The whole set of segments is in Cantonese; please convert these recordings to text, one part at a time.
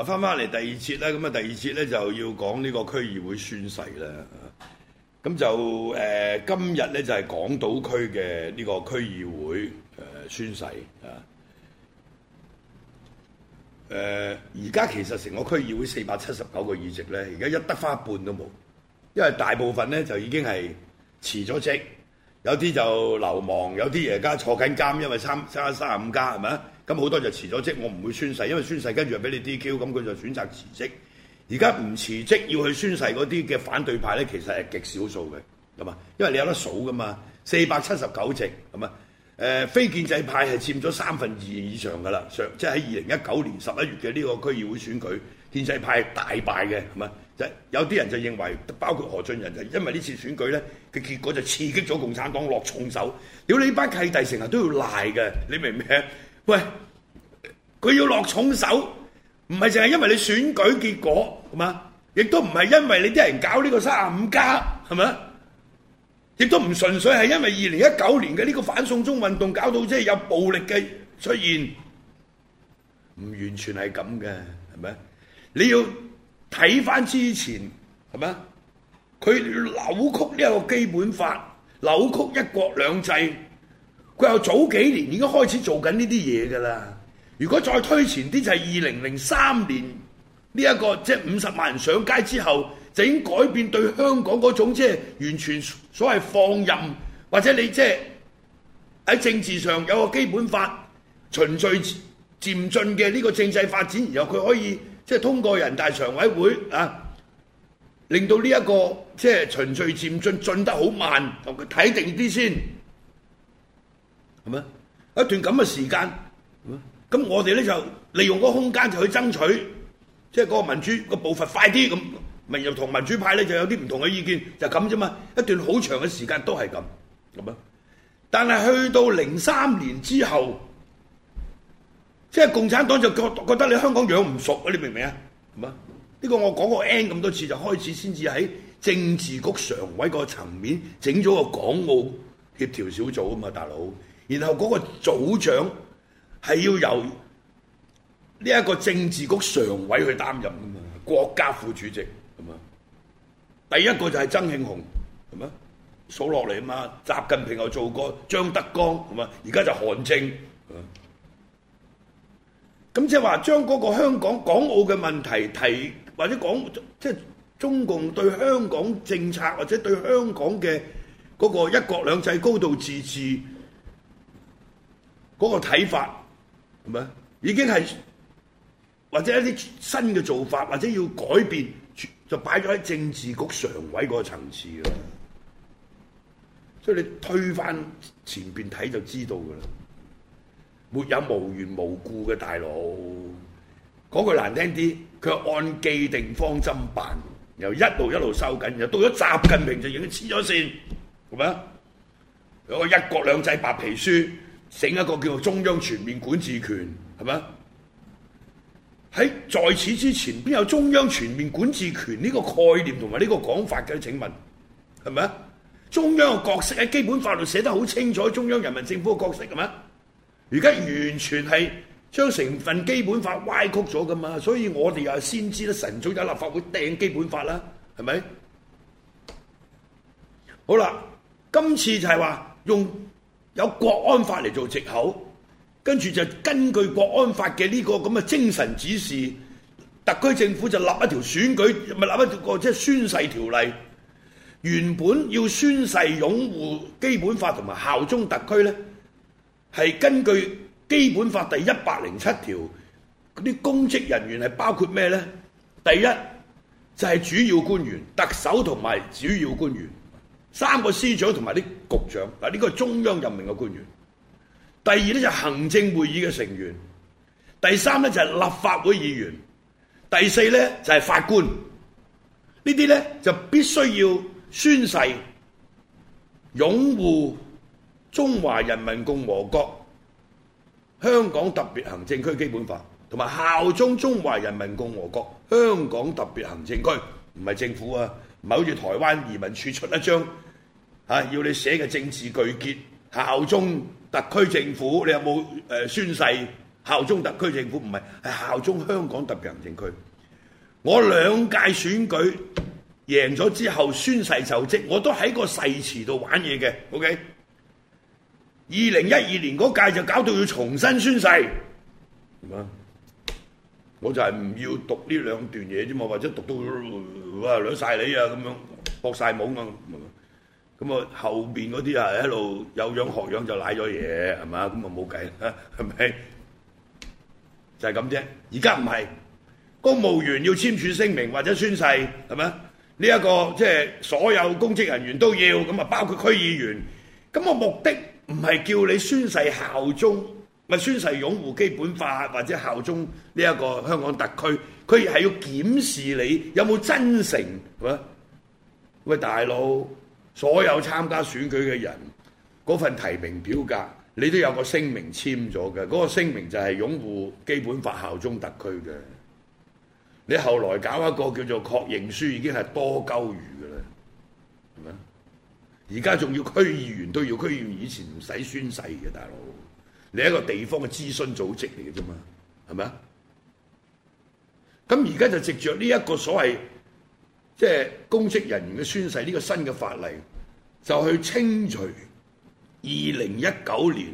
嗱，返返嚟第二節咧，咁啊，第二節咧就要講呢個區議會宣誓啦。咁就誒、呃，今日咧就係港島區嘅呢個區議會誒、呃、宣誓啊。誒、呃，而家其實成個區議會四百七十九個議席咧，而家一得返一半都冇，因為大部分咧就已經係辭咗職，有啲就流亡，有啲而家坐緊監，因為三、三三十五家係咪啊？咁好多就辭咗職，我唔會宣誓，因為宣誓跟住俾你 DQ，咁佢就選擇辭職。而家唔辭職要去宣誓嗰啲嘅反對派呢，其實係極少數嘅，係嘛？因為你有得數噶嘛，四百七十九席，係嘛？呃，非建制派係佔咗三分二以上噶啦，即係喺二零一九年十一月嘅呢個區議會選舉，建制派大敗嘅，係嘛？有啲人就認為，包括何俊仁，就因為呢次選舉呢，嘅結果就刺激咗共產黨落重手。屌你班契弟成日都要賴嘅，你明唔明？喂，佢要落重手，唔係淨係因為你選舉結果，係嘛？亦都唔係因為你啲人搞呢個三十五加，係咪啊？亦都唔純粹係因為二零一九年嘅呢個反送中運動搞到即係有暴力嘅出現，唔完全係咁嘅，係咪？你要睇翻之前，係嘛？佢扭曲呢個基本法，扭曲一國兩制。佢又早幾年已經開始做緊呢啲嘢噶啦。如果再推前啲就係二零零三年呢一個即係五十萬人上街之後，就已經改變對香港嗰種即係完全所謂放任，或者你即係喺政治上有個基本法循序漸進嘅呢個政制發展，然後佢可以即係通過人大常委會啊，令到呢一個即係循序漸進進得好慢，同佢睇定啲先。係咪？一段咁嘅時間，咁嗎我哋咧就利用嗰個空間就去爭取，即係嗰個民主個步伐快啲咁。民右同民主派咧就有啲唔同嘅意見，就咁啫嘛。一段好長嘅時間都係咁，咁啊嗎。但係去到零三年之後，即係共產黨就覺覺得你香港養唔熟啊！你明唔明啊？係嘛嗎？呢個我講過 N 咁多次，就開始先至喺政治局常委個層面整咗個港澳協調小組啊嘛，大佬。然後嗰個組長係要由呢一個政治局常委去擔任㗎嘛，國家副主席係嘛？第一個就係曾慶紅係嘛？數落嚟啊嘛，習近平又做過張德江係嘛？而家就韓正咁係嘛？即係話將嗰個香港、港澳嘅問題提或者講即係中共對香港政策或者對香港嘅嗰個一國兩制高度自治。嗰個睇法，係咪？已經係或者一啲新嘅做法，或者要改變，就擺咗喺政治局常委嗰個層次啦。所以你推翻前邊睇就知道噶啦，沒有無緣無故嘅大佬。講句難聽啲，佢按既定方針辦，又一路一路收緊，又到咗習近平就已經黐咗線，係咪啊？有個一國兩制白皮書。整一個叫做中央全面管治權係咪？喺在，在此之前邊有中央全面管治權呢個概念同埋呢個講法嘅？請問係咪？中央嘅角色喺基本法律寫得好清楚，中央人民政府嘅角色係咪？而家完全係將成份基本法歪曲咗㗎嘛？所以我哋又先知啦，晨早有立法會掟基本法啦，係咪？好啦，今次就係話用。有國安法嚟做藉口，跟住就根據國安法嘅呢個咁嘅精神指示，特區政府就立一條選舉，唔係立一條即宣誓條例。原本要宣誓擁護基本法同埋效忠特區咧，係根據基本法第一百零七條，嗰啲公職人員係包括咩咧？第一就係主要官員、特首同埋主要官員。三個司長同埋啲局長嗱，呢個係中央任命嘅官員。第二咧就行政會議嘅成員，第三咧就係立法會議員，第四咧就係法官。呢啲咧就必須要宣誓，擁護中華人民共和國香港特別行政區基本法，同埋效忠中華人民共和國香港特別行政區，唔係政府啊！唔係好似台灣移民處出一張要你寫嘅政治具結，效忠特區政府。你有冇誒宣誓？效忠特區政府唔係，係效忠香港特別行政區。我兩屆選舉贏咗之後宣誓就職，我都喺個誓詞度玩嘢嘅。OK，二零一二年嗰屆就搞到要重新宣誓。乜？我就係唔要讀呢兩段嘢啫嘛，或者讀到哇攞曬你啊咁樣，搏曬懵啊！咁啊後邊嗰啲啊一路有樣學樣就賴咗嘢係嘛？咁啊冇計啦，係咪？就係咁啫。而家唔係公務員要簽署聲明或者宣誓係咪？呢一個即係所有公職人員都要咁啊，包括區議員。咁我目的唔係叫你宣誓效忠。咪宣誓擁護基本法或者效忠呢一個香港特區，佢係要檢視你有冇真誠，喂喂，大佬，所有參加選舉嘅人嗰份提名表格，你都有個聲明簽咗嘅，嗰個聲明就係擁護基本法、效忠特區嘅。你後來搞一個叫做確認書，已經係多鳩餘嘅啦，係咪？而家仲要區議員都要，區議員以前唔使宣誓嘅，大佬。你一個地方嘅諮詢組織嚟嘅啫嘛，係咪啊？咁而家就藉著呢一個所謂即係公職人員嘅宣誓呢、呢個新嘅法例，就去清除二零一九年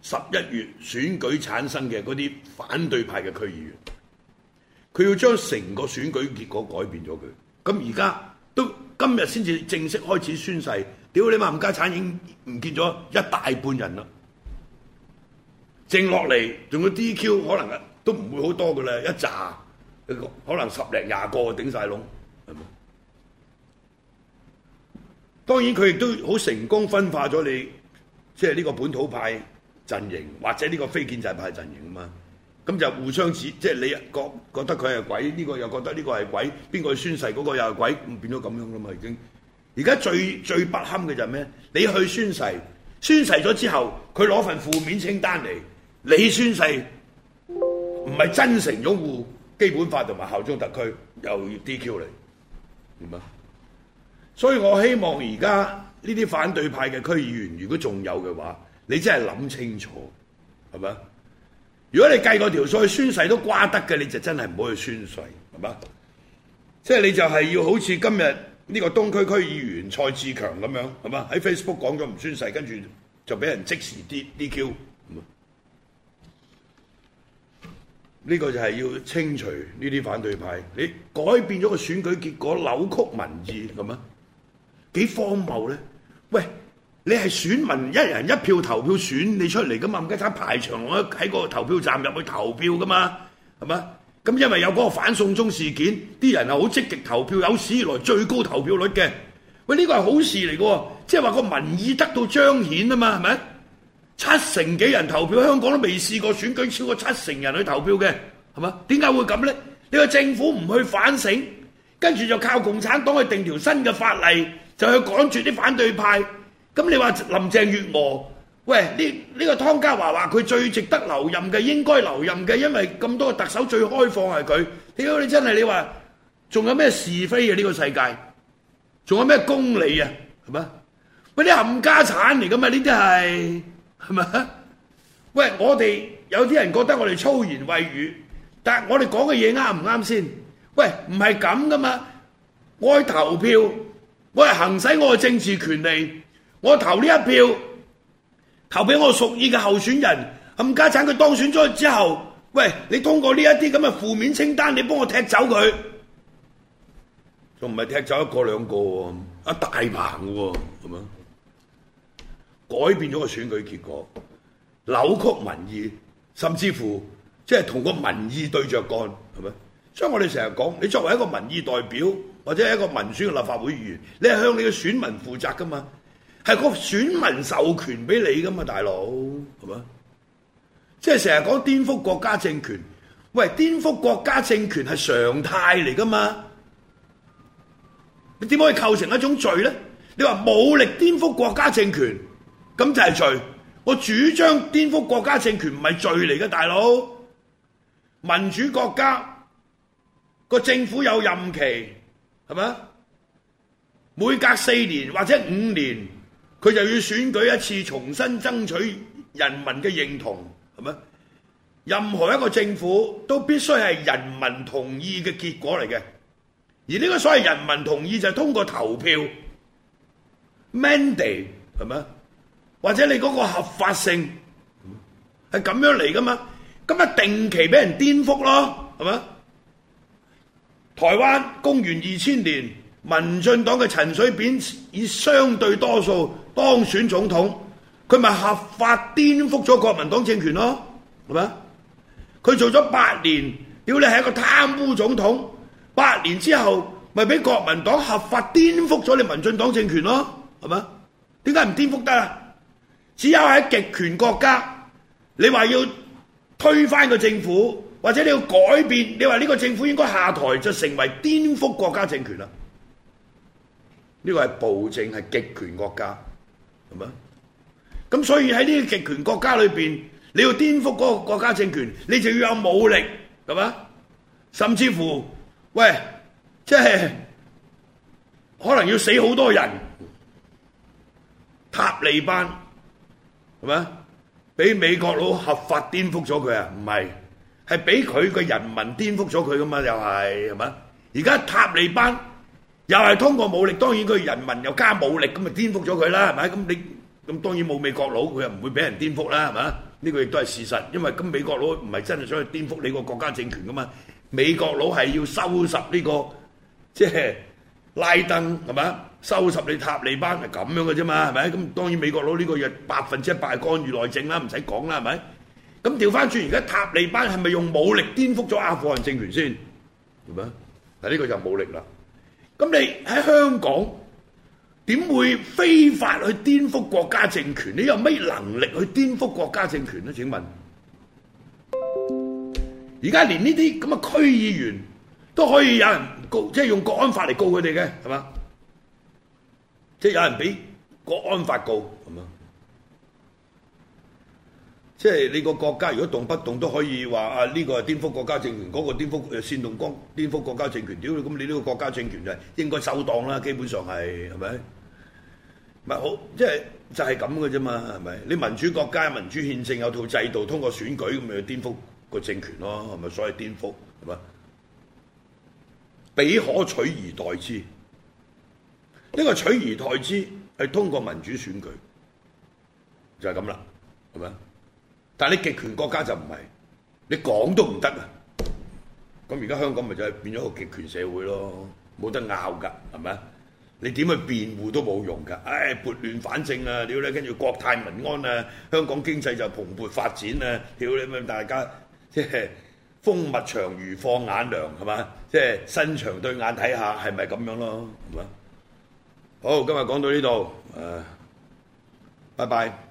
十一月選舉產生嘅嗰啲反對派嘅區議員，佢要將成個選舉結果改變咗佢。咁而家都今日先至正式開始宣誓，屌你媽，冚家產已經唔見咗一大半人啦！剩落嚟仲有 DQ，可能都唔會好多嘅啦，一紮可能十零廿個頂晒籠，當然佢亦都好成功分化咗你，即係呢個本土派陣營或者呢個非建制派陣營啊嘛，咁就互相指，即係你覺覺得佢係鬼，呢個又覺得呢個係鬼，邊個宣誓嗰個又係鬼，變咗咁樣啦嘛已經。而家最最不堪嘅就係咩？你去宣誓，宣誓咗之後，佢攞份負面清單嚟。你宣誓唔係真誠擁護基本法同埋效忠特區，又要 DQ 你，點啊？所以我希望而家呢啲反對派嘅區議員，如果仲有嘅話，你真係諗清楚，係咪？如果你計過條數，去宣誓都瓜得嘅，你就真係唔好去宣誓，係嘛？即係你就係要好似今日呢個東區區議員蔡志強咁樣，係嘛？喺 Facebook 講咗唔宣誓，跟住就俾人即時 D DQ。呢個就係要清除呢啲反對派，你改變咗個選舉結果，扭曲民意咁啊，幾荒謬呢？喂，你係選民一人一票投票選你出嚟㗎嘛，唔該曬排長隊喺個投票站入去投票噶嘛？係咪？咁因為有嗰個反送中事件，啲人係好積極投票，有史以來最高投票率嘅。喂，呢、這個係好事嚟喎，即係話個民意得到彰顯啊嘛？係咪？七成幾人投票？香港都未試過選舉超過七成人去投票嘅，係嘛？點解會咁呢？你個政府唔去反省，跟住就靠共產黨去定條新嘅法例，就去趕住啲反對派。咁你話林鄭月娥？喂，呢呢個湯家驊話佢最值得留任嘅，應該留任嘅，因為咁多特首最開放係佢。屌你真係你話，仲有咩是非呀，呢個世界？仲有咩公理啊？係嘛？嗰啲冚家產嚟㗎嘛？呢啲係。係咪？喂，我哋有啲人覺得我哋粗言穢語，但係我哋講嘅嘢啱唔啱先？喂，唔係咁噶嘛！我去投票，我係行使我嘅政治權利，我投呢一票，投俾我屬意嘅候選人冚家鏟。佢當選咗之後，喂，你通過呢一啲咁嘅負面清單，你幫我踢走佢，仲唔係踢走一個兩個？一大棚喎，係咪？改變咗個選舉結果，扭曲民意，甚至乎即係同個民意對着幹，係咪？所以我哋成日講，你作為一個民意代表或者係一個民選嘅立法會議員，你係向你嘅選民負責噶嘛？係個選民授權俾你噶嘛，大佬係咪？即係成日講顛覆國家政權，喂，顛覆國家政權係常態嚟噶嘛？你點可以構成一種罪咧？你話武力顛覆國家政權？咁就係罪。我主張顛覆國家政權唔係罪嚟嘅，大佬。民主國家個政府有任期，係咪啊？每隔四年或者五年，佢就要選舉一次，重新爭取人民嘅認同，係咪？任何一個政府都必須係人民同意嘅結果嚟嘅。而呢個所謂人民同意就係通過投票 mandate，係咪啊？或者你嗰個合法性係咁樣嚟㗎嘛？咁咪定期俾人顛覆咯，係咪啊？台灣公元二千年，民進黨嘅陳水扁以相對多數當選總統，佢咪合法顛覆咗國民黨政權咯，係咪啊？佢做咗八年，屌你係一個貪污總統，八年之後咪俾國民黨合法顛覆咗你民進黨政權咯，係咪啊？點解唔顛覆得啊？只有喺極權國家，你話要推翻個政府，或者你要改變，你話呢個政府應該下台，就成為顛覆國家政權啦。呢個係暴政，係極權國家，係咪？咁所以喺呢個極權國家裏面，你要顛覆嗰個國家政權，你就要有武力，係咪？甚至乎，喂，即係可能要死好多人，塔利班。係嘛？俾美國佬合法顛覆咗佢啊？唔係，係俾佢個人民顛覆咗佢噶嘛？又係係嘛？而家塔利班又係通過武力，當然佢人民又加武力咁咪顛覆咗佢啦？係咪？咁你咁當然冇美國佬，佢又唔會俾人顛覆啦？係嘛？呢個亦都係事實，因為咁美國佬唔係真係想去顛覆你個國家政權噶嘛。美國佬係要收拾呢個即係拉登係嘛？收拾你塔利班係咁樣嘅啫嘛，係咪？咁當然美國佬呢個嘢百分之一百係干預內政啦，唔使講啦，係咪？咁調翻轉，而家塔利班係咪用武力顛覆咗阿富汗政權先？係咪啊？嗱，呢個就武力啦。咁你喺香港點會非法去顛覆國家政權？你有咩能力去顛覆國家政權咧？請問？而家連呢啲咁嘅區議員都可以有人告，即係用國安法嚟告佢哋嘅，係嘛？即係有人俾國安法告，係嘛？即係你個國家如果動不動都可以話啊，呢個係顛覆國家政權，嗰個顛覆煽動光，顛覆國家政權，屌！咁你呢個國家政權就係應該受當啦，基本上係係咪？唔好，即係就係咁嘅啫嘛，係咪？你民主國家民主憲政有套制度，通過選舉咁咪去顛覆個政權咯，係咪？所謂顛覆係嘛？彼可取而代之。呢個取而代之係通過民主選舉，就係咁啦，係咪？但係你極權國家就唔係，你講都唔得啊！咁而家香港咪就係變咗個極權社會咯，冇得拗㗎，係咪？你點去辯護都冇用㗎！唉、哎，撥亂反正啊，屌你，跟住國泰民安啊，香港經濟就蓬勃發展啊，屌你咪大家即係、就是、風物長宜放眼量係嘛？即係、就是、伸長對眼睇下，係咪咁樣咯？係嘛？好，今日講到呢度，拜拜。